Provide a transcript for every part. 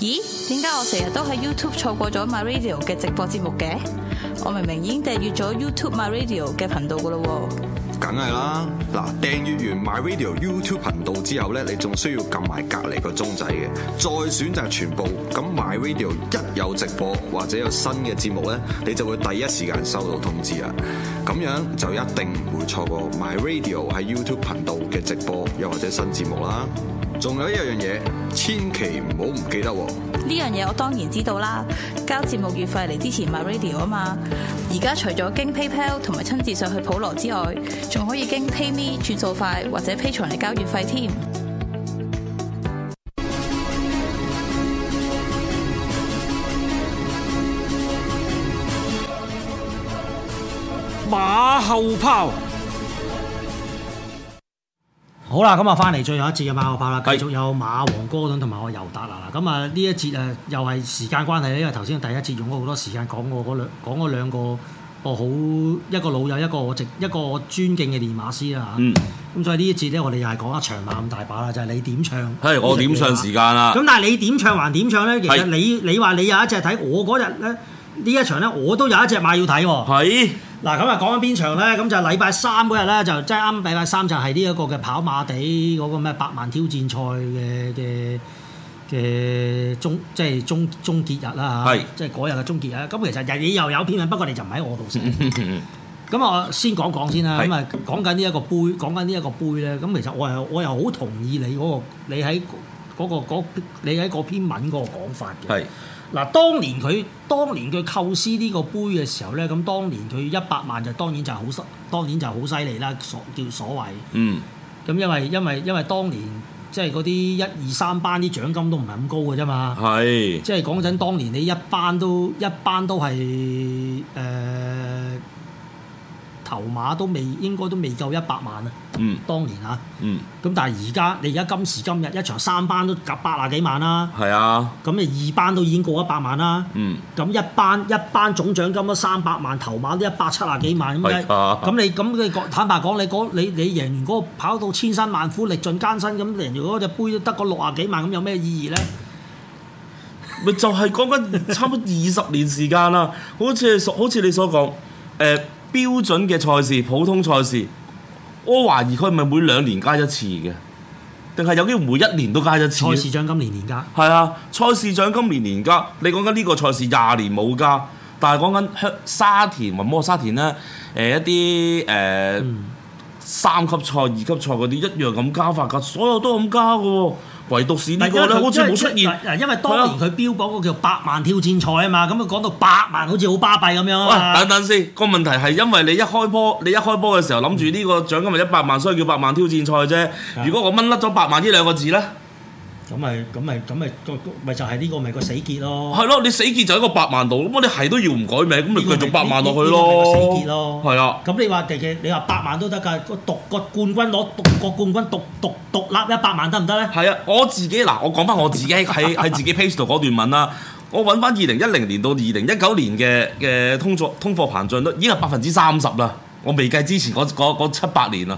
咦？點解我成日都喺 YouTube 錯過咗 MyRadio 嘅直播節目嘅？我明明已經訂閱咗 YouTube MyRadio 嘅頻道㗎喇喎。梗係啦！嗱，訂閱完 My Radio YouTube 頻道之後咧，你仲需要撳埋隔離個鐘仔嘅，再選擇全部。咁 My Radio 一有直播或者有新嘅節目咧，你就會第一時間收到通知啊！咁樣就一定唔會錯過 My Radio 喺 YouTube 頻道嘅直播又或者新節目啦。仲有一樣嘢，千祈唔好唔記得喎！呢樣嘢我當然知道啦，交節目月費嚟支持 My Radio 啊嘛。而家除咗經 PayPal 同埋親自上去普羅之外，仲可以經 PayMe 轉數快，或者 Patreon，嚟交月費添。馬後炮。好啦，咁啊，翻嚟最後一節嘅馬後炮啦，繼續有馬王哥頓同埋我尤達啦。咁啊，呢一節誒，又係時間關係，因為頭先第一節用咗好多時間講我嗰兩講嗰兩個。我好一個老友，一個我值一個我尊敬嘅練馬師啦嚇，咁、嗯啊、所以呢一節咧，我哋又係講一場馬咁大把啦，就係、是、你點唱，係我點唱時間啦。咁但係你點唱還點唱咧？其實你你話你有一隻睇，我嗰日咧呢一場咧，我都有一隻馬要睇喎、哦。係嗱的，咁啊就講緊邊場咧？咁就係禮拜三嗰日咧，就即係啱禮拜三就係呢一個嘅跑馬地嗰個咩百萬挑戰賽嘅嘅。嘅終即係終終結日啦嚇，即係嗰日嘅終結日。咁是其實日你又有篇文，不過你就唔喺我度寫。咁 我先講講先啦。咁啊是，講緊呢一個杯，講緊呢一個杯咧。咁其實我又我又好同意你嗰、那個，你喺嗰、那個那個、你喺篇文嗰個講法嘅。係嗱是，當年佢當年佢構思呢個杯嘅時候咧，咁當年佢一百萬就當然就好，當然就好犀利啦，所叫所謂。嗯。咁因為因為因為，因為當年。即係嗰啲一二三班啲獎金都唔係咁高嘅啫嘛，是即係講真，當年你一班都一班都係誒。呃頭馬都未應該都未夠一百萬啊！嗯，當年嚇、啊，嗯，咁但係而家你而家今時今日一場三班都夾八啊幾萬啦，係啊，咁你、啊、二班都已經過一百萬啦、啊，嗯，咁一班一班總獎金都三百萬，頭馬都一百七啊幾萬咁、啊啊、你咁你咁坦白講，你嗰你你贏完嗰個跑到千辛萬苦，歷盡艱辛，咁贏完嗰隻杯都得個六啊幾萬，咁有咩意義咧？咪、嗯、就係、是、講緊差唔多二十年時間啦， 好似好似你所講，誒、嗯。嗯標準嘅賽事，普通賽事，我懷疑佢係咪每兩年加一次嘅，定係有機會每一年都加一次。賽事獎金年年加。係啊，賽事獎金年年加。你講緊呢個賽事廿年冇加，但係講緊香沙田雲摩沙田咧，誒、呃、一啲誒、呃嗯、三級賽、二級賽嗰啲一樣咁加法噶，所有都咁加嘅喎。唯獨是這個呢個咧，好似冇出現因，因為當年佢標榜嘅個叫百萬挑戰賽啊嘛，咁佢講到百萬好似好巴閉咁樣，啊、等等先，個問題係因為你一開波，你一開波嘅時候諗住呢個獎金係一百萬，所以叫百萬挑戰賽啫。如果我掹甩咗百萬呢兩個字咧？咁咪咁咪咁咪咪就係呢個咪個死結咯。係咯，你死結就一個百萬度，咁你係都要唔改名，咁咪繼續百萬落去咯。你個死結咯。係啊，咁的你話其其你話百萬都得㗎，個獨個冠軍攞獨個冠軍獨獨獨立一百萬得唔得咧？係啊，我自己嗱，我講翻我自己喺喺 自己 page 度嗰段文啦，我揾翻二零一零年到二零一九年嘅嘅通作通貨膨脹率已經係百分之三十啦，我未計之前嗰七八年啊。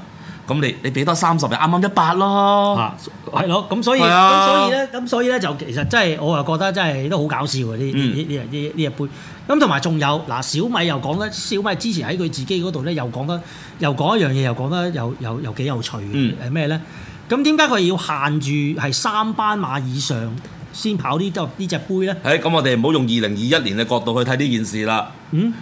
咁你你俾多三十咪啱啱一百咯，係咯、啊，咁所以咁、啊、所以咧，咁所以咧就其實真係我又覺得真係都好搞笑嘅呢呢呢呢呢隻杯。咁同埋仲有嗱，小米又講得，小米之前喺佢自己嗰度咧又講得又講一樣嘢，又講得又又又，又，又，又幾有趣嘅，係咩咧？咁點解佢要限住係三班馬以上先跑，呢隻呢隻杯呢？呢隻杯咧？誒，咁我哋唔好用二零二一年嘅角度去睇呢件事啦。嗯。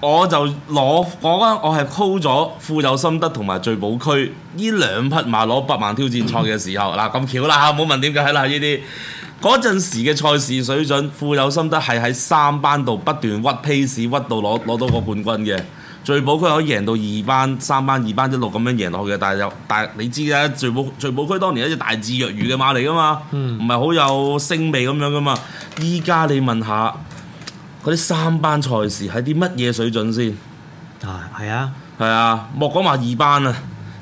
我就攞我得我係操咗富有心得同埋聚寶區呢兩匹馬攞百萬挑戰賽嘅時候，嗱咁巧啦，冇問點解啦？呢啲嗰陣時嘅賽事水準，富有心得係喺三班度不斷屈 pace 屈到攞攞到個冠軍嘅，聚寶區可以贏到二班三班二班一六咁樣贏落去嘅。但係有但係你知嘅，聚寶聚寶區當年係隻大智若魚嘅馬嚟噶嘛，唔係好有腥味咁樣噶嘛。依家你問下。嗰啲三班賽事喺啲乜嘢水準先？啊，係啊，係啊，莫講話二班啊，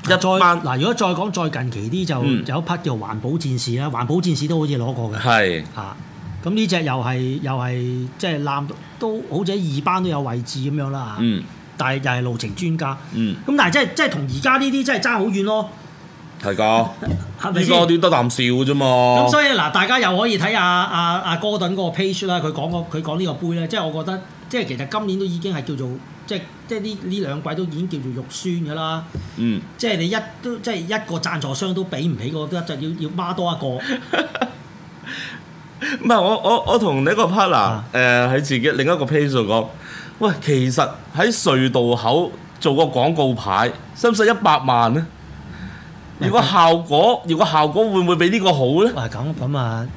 一再班嗱，如果再講再近期啲就、嗯、有一匹叫環保戰士啊。環保戰士都好似攞過嘅，係啊，咁呢隻又係又係即係攬都好似二班都有位置咁樣啦嚇，嗯、但係又係路程專家，咁、嗯嗯、但係即係即係同而家呢啲真係爭好遠咯。係噶，呢個啲得啖笑啫嘛是。咁 所以嗱，大家又可以睇下阿阿哥頓嗰個 page 啦，佢講嗰佢講呢個杯咧，即係我覺得，即係其實今年都已經係叫做，即係即係呢呢兩季都已經叫做肉酸噶啦。嗯，即係你一都即係一個贊助商都比唔起嗰啲，就要要孖多一個。唔係，我我我同另一個 partner 誒喺自己另一個 page 度講，喂，其實喺隧道口做個廣告牌，使唔使一百萬咧？如果效果，如果效果會唔會比呢個好咧？係咁咁啊！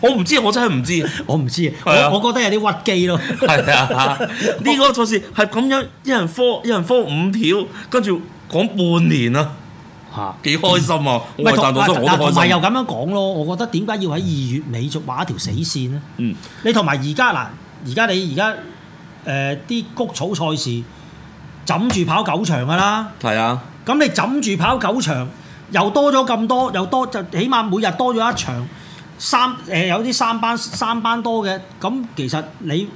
我唔知，我真係唔知，我唔知。我我覺得有啲屈機咯。係啊！呢個賽事係咁樣，一人科一人科五條，跟住講半年咯。嚇！幾開心啊！唔係，同埋又咁樣講咯。我覺得點解要喺二月尾續畫一條死線呢？嗯。你同埋而家嗱，而家你而家誒啲谷草賽事枕住跑九場㗎啦。係啊。咁你枕住跑九場，又多咗咁多，又多就起碼每日多咗一場三誒，有啲三班三班多嘅，咁其實你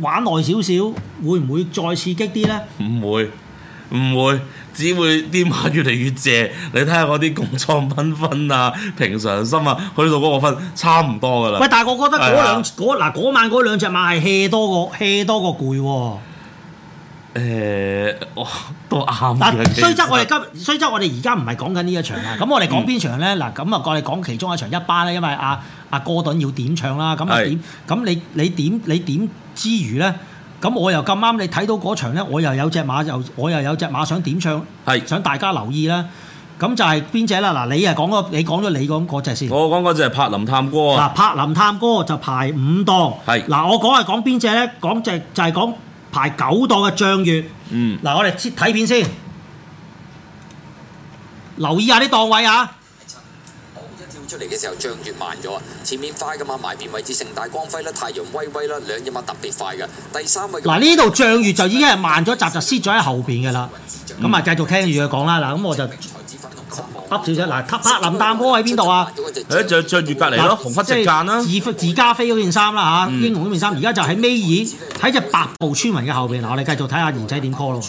玩耐少少，會唔會再刺激啲呢？唔會，唔會，只會啲馬越嚟越謝。你睇下嗰啲共創分分啊，平常心啊，去到嗰個分差唔多㗎喇。喂，但係我覺得嗰兩嗰嗱嗰晚嗰兩隻馬係 hea 多過 hea 多過攰喎。誒我。都啱。但雖則我哋今雖則我哋而家唔係講緊呢一場啦。咁 我哋講邊場咧？嗱，咁啊，我哋講其中一場一班咧，因為阿、啊、阿、啊、哥頓要點唱啦。咁啊點？咁是 你你點你點之餘咧？咁我又咁啱，你睇到嗰場咧，我又有隻馬又我又有隻馬想點唱，係是 想大家留意啦。咁就係邊隻啦？嗱，你係講個你講咗你個嗰隻先。我講嗰隻係柏林探歌。嗱，柏林探歌就排五檔。係嗱是，我講係講邊隻咧？講隻就係講排九檔嘅張月。嗯，嗱，我哋切睇片先，留意下啲檔位啊。一跳出嚟嘅時候，漲越慢咗前面快噶嘛，埋邊位置盛大光輝啦，太陽威威啦，兩隻馬特別快嘅。第三位嗱，呢度漲月就已經係慢咗，集就撕咗喺後邊噶啦。咁啊、嗯，繼續聽住佢講啦。嗱，咁我就。揼少少嗱，揼黑林淡波喺邊度啊？誒、欸，著着住隔離咯，那紅忽直間啦、啊，自自加飛嗰件衫啦吓，啊、英雄嗰件衫，而家、嗯、就喺尾二，喺隻白步村民嘅後邊嗱，嗯、我哋繼續睇下賢仔點 call 咯。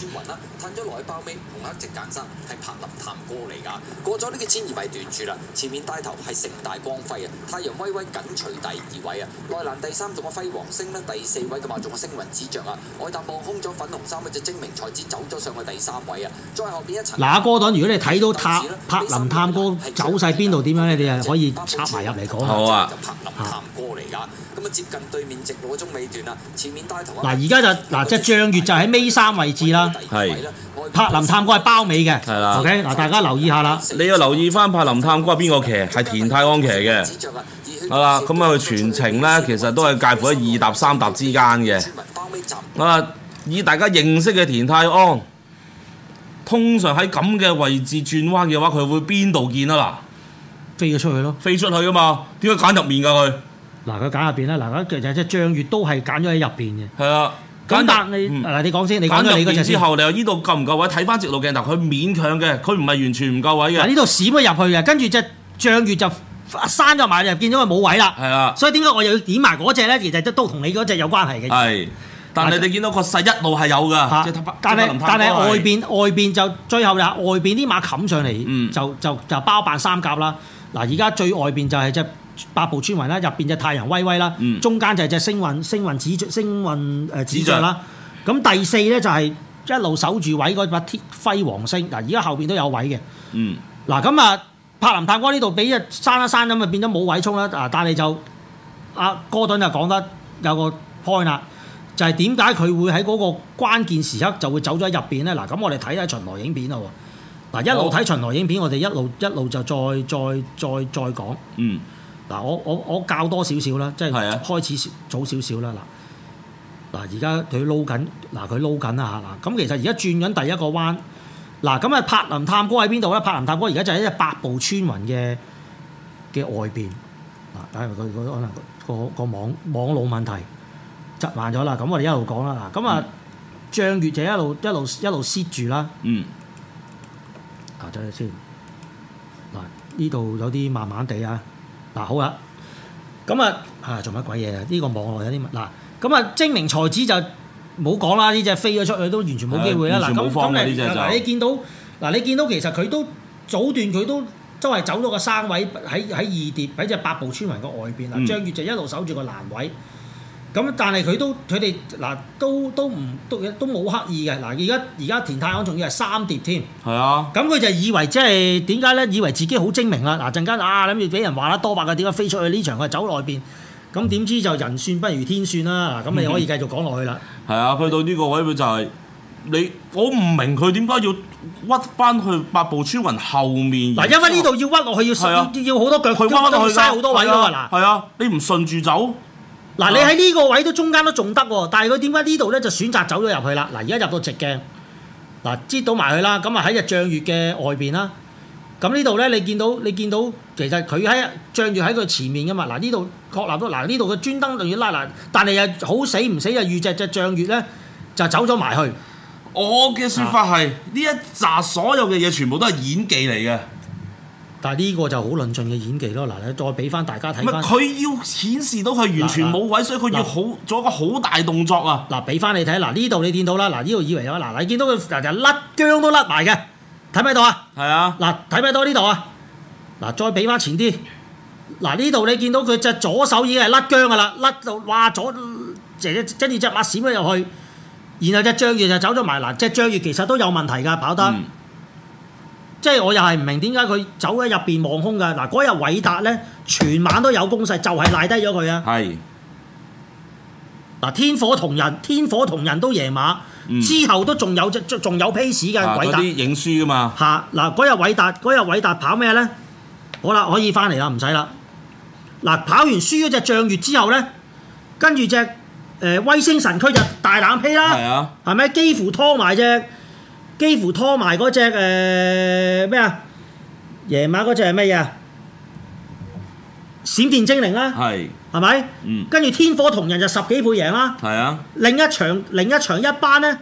近咗去包尾，紅黑直間衫，係柏林探哥嚟㗎。過咗呢個千二米段處啦，前面帶頭係盛大光輝啊，太陽微微緊隨第二位啊，內欄第三仲有輝煌星咧，第四位嘅話，仲有星雲指雀啊，愛達望空咗粉紅衫嗰隻精明才子走咗上去第三位後啊。再後邊一層嗱，哥頓，如果你睇到柏林探哥走晒邊度點樣咧，是裏你啊可以插埋入嚟講下。好啊。柏林探哥嚟㗎，咁啊，啊接近對面直路中尾段啦，前面帶頭嗱，而家就嗱即係張月就喺尾三位置啦，柏林探戈係包尾嘅，係啦。OK，嗱，大家留意下啦。你要留意翻柏林探戈係邊個騎？係田泰安騎嘅，好啦、嗯。咁啊、嗯，佢全程咧，其實都係介乎喺二搭、三搭之間嘅。啊、嗯，以大家認識嘅田泰安，通常喺咁嘅位置轉彎嘅話，佢會邊度見啊？嗱，飛咗出去咯，飛出去啊嘛。點解揀入面噶佢？嗱，佢揀入邊啦。嗱，其實即係張月都係揀咗喺入邊嘅。係啊。咁但你嗱、嗯、你講先，簡單你講你嘅先。之後，你話呢度夠唔夠位？睇翻直路鏡頭，佢勉強嘅，佢唔係完全唔夠位嘅。嗱，呢度閃咗入去嘅，跟住隻障月就閂咗埋，就見到佢冇位啦。係啊的，所以點解我又要點埋嗰隻咧？其實都同你嗰隻有關係嘅。係，但係就你見到個細一路係有噶，啊、特但係但係外邊外邊就最後就外邊啲馬冚上嚟，就就、嗯、就包辦三甲啦。嗱，而家最外邊就係、是、即八部村圍啦，入邊就太陽威威啦，中間就係隻星雲，星雲紫星雲誒紫著啦。咁、呃、第四咧就係一路守住位嗰把輝煌星嗱，而家後邊都有位嘅。嗱咁、嗯、啊，柏林太哥呢度俾啊刪一刪咁啊，變咗冇位衝啦。但係就阿哥頓就講得有個 point 啦，就係點解佢會喺嗰個關鍵時刻就會走咗喺入邊咧？嗱、啊，咁我哋睇下巡邏影片啦喎。嗱、啊，一路睇巡邏影片，我哋一路一路就再再再再講。嗯。嗱，我我我教多少少啦，即係開始早少少啦。嗱，嗱而家佢撈緊，嗱佢撈緊啦嚇。嗱，咁其實而家轉緊第一個彎。嗱，咁啊柏林探戈喺邊度咧？柏林探戈而家就喺隻百步穿雲嘅嘅外邊。嗱，因為佢可能、嗰個、嗰個網網路問題窒慢咗啦。咁我哋一路講啦。咁啊張月就一路一路一路 set 住啦。嗯。等陣先。嗱，呢度有啲慢慢地啊。好、啊這個、啦，咁啊嚇做乜鬼嘢啊？呢個網絡有啲乜？嗱，咁啊精明才子就冇講啦，呢隻飛咗出去都完全冇機會啦。完全冇方，嗱，你見到，嗱，你見到其實佢都阻斷，佢都周圍走咗個三位喺喺二跌喺隻八步村民個外邊啦。張月就一路守住個欄位。嗯咁但係佢都佢哋嗱都都唔都都冇刻意嘅嗱而家而家田泰安仲要係三疊添，係啊！咁佢就以為即係點解咧？以為自己好精明啦！嗱陣間啊，諗住俾人話得多百嘅點解飛出去呢場，佢走外邊咁點知就人算不如天算啦！咁、嗯、你可以繼續講落去啦。係啊，去到呢個位佢就係、是、你，我唔明佢點解要屈翻去八步穿雲後面嗱，因為呢度要屈落去要、啊、要好多腳，佢屈翻去嘥好、啊、多位咯。嗱，係啊，啊你唔順住走。嗱，啊、你喺呢個位都中間都仲得喎，但係佢點解呢度咧就選擇走咗入去啦？嗱，而家入到直鏡，嗱、啊，擠到埋去啦，咁啊喺隻漲月嘅外邊啦，咁呢度咧你見到你見到其實佢喺漲月喺佢前面噶嘛，嗱呢度確立到嗱呢度佢專登就要拉嗱，但係又好死唔死又遇只隻漲月咧就走咗埋去。我嘅説法係呢、啊、一扎所有嘅嘢全部都係演技嚟嘅。但係呢個就好論盡嘅演技咯，嗱你再俾翻大家睇佢要顯示到佢完全冇位，啊、所以佢要好、啊、做一個好大動作啊！嗱、啊，俾翻你睇，嗱呢度你見到啦，嗱呢度以為有，嗱、啊、你見到佢成日甩薑都甩埋嘅，睇唔睇到啊？係啊！嗱，睇唔睇到呢度啊？嗱，再俾翻前啲，嗱呢度你見到佢隻左手已經係甩薑噶啦，甩到哇左斜，跟住隻馬閃咗入去，然後隻章魚就走咗埋，嗱隻章魚其實都有問題㗎，跑得。嗯即係我又係唔明點解佢走喺入邊望空？㗎嗱嗰日偉達咧，全晚都有攻勢，就係賴低咗佢啊！係嗱，天火同人，天火同人都贏馬，之後都仲有隻仲有 pace 嘅偉達。啲影輸啊嘛嚇！嗱嗰日偉達嗰日偉達跑咩咧？好啦，可以翻嚟啦，唔使啦。嗱，跑完輸咗隻漲月之後咧，跟住隻誒威星神區就大冷批啦，係咪是、啊、幾乎拖埋隻？幾乎拖埋嗰隻誒咩啊？夜馬嗰隻係咩啊？閃電精靈啦，係係咪？嗯，跟住天火同人就十幾倍贏啦。係啊，另一場另一場一班呢，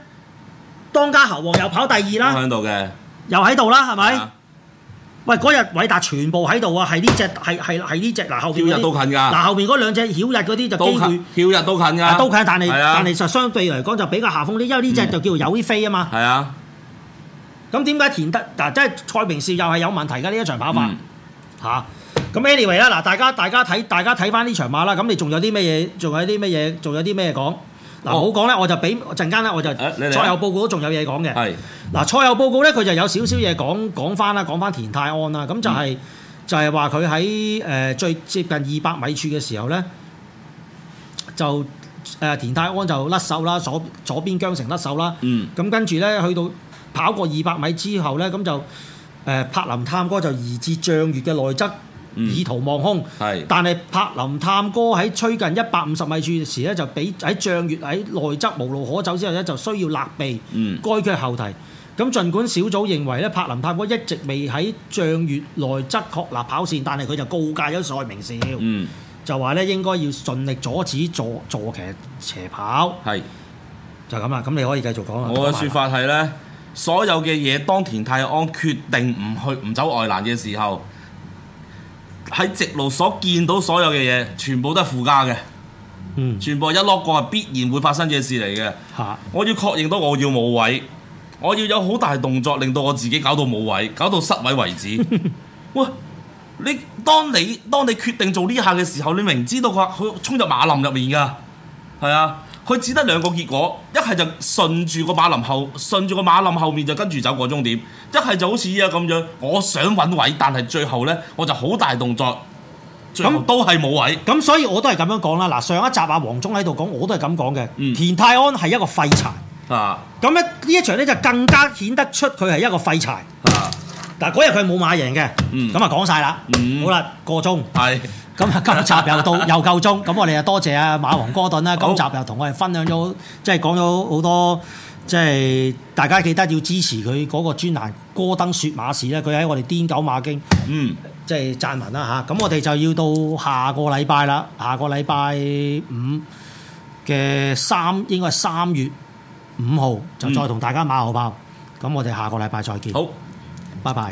當家猴王又跑第二啦，喺度嘅，又喺度啦，係咪？喂，嗰日偉達全部喺度啊，係呢隻係係係呢隻嗱後邊，曉日都近㗎，嗱後邊嗰兩隻曉日嗰啲就機會曉日都近㗎，都近，但係但係就相對嚟講就比較下風啲，因為呢隻就叫做有啲飛啊嘛，係啊。咁點解田德嗱即係蔡明紹又係有問題嘅呢一場跑法嚇？咁 anyway 啦，嗱、啊、大家大家睇大家睇翻呢場馬啦，咁你仲有啲咩嘢？仲有啲咩嘢？仲有啲咩講？嗱、哦，我講咧，我就俾陣間啦，我就賽、啊、後報告都仲有嘢講嘅。嗱是，賽後報告咧，佢就有少少嘢講講翻啦，講翻田泰安啦，咁就係、是嗯、就係話佢喺誒最接近二百米柱嘅時候咧，就誒、呃、田泰安就甩手啦，左邊左邊韁繩甩手啦，咁、嗯嗯、跟住咧去到。跑過二百米之後呢，咁就柏林探戈就移至障月嘅內側，嗯、以圖望空。是但係柏林探戈喺趨近一百五十米處時呢，就畀喺障月喺內側無路可走之後呢，就需要勒避。嗯，該駒後蹄。咁儘管小組認為呢，柏林探戈一直未喺障月內側確立跑線，但係佢就告誡咗蔡明紹，嗯、就話呢，應該要盡力阻止坐，坐騎斜跑。係是，就咁啦。咁你可以繼續講啦。我嘅説法係呢。所有嘅嘢，當田泰安決定唔去唔走外欄嘅時候，喺直路所見到所有嘅嘢，全部都係附加嘅，嗯、全部一落過係必然會發生嘅事嚟嘅。嚇！我要確認到我要冇位，我要有好大動作，令到我自己搞到冇位，搞到失位為止。 喂，你當你當你決定做呢下嘅時候，你明知道佢佢衝入馬林入面㗎。係啊，佢只得兩個結果，一係就順住個馬林後，順住個馬林後面就跟住走過終點；一係就好似啊咁樣，我想揾位，但係最後呢，我就好大動作，最那都係冇位。咁所以我都係咁樣講啦。嗱，上一集阿黃忠喺度講，我都係咁講嘅。嗯、田泰安係一個廢柴。啊，咁一呢一場呢，就更加顯得出佢係一個廢柴。啊，但係嗰日佢冇馬贏嘅。嗯，咁啊講晒啦。嗯、好啦，過鐘。係。咁今集又到 又夠鐘，咁 我哋啊多謝啊馬王哥頓啦。好今集又同我哋分享咗，即係講咗好多，即係大家記得要支持佢嗰個專欄哥頓說馬事咧，佢喺我哋癲狗馬經，嗯，即係贊文啦嚇。咁、啊、我哋就要到下個禮拜啦，下個禮拜五嘅三應該係三月五號就再同大家馬後炮。咁、嗯、我哋下個禮拜再見。好，拜拜。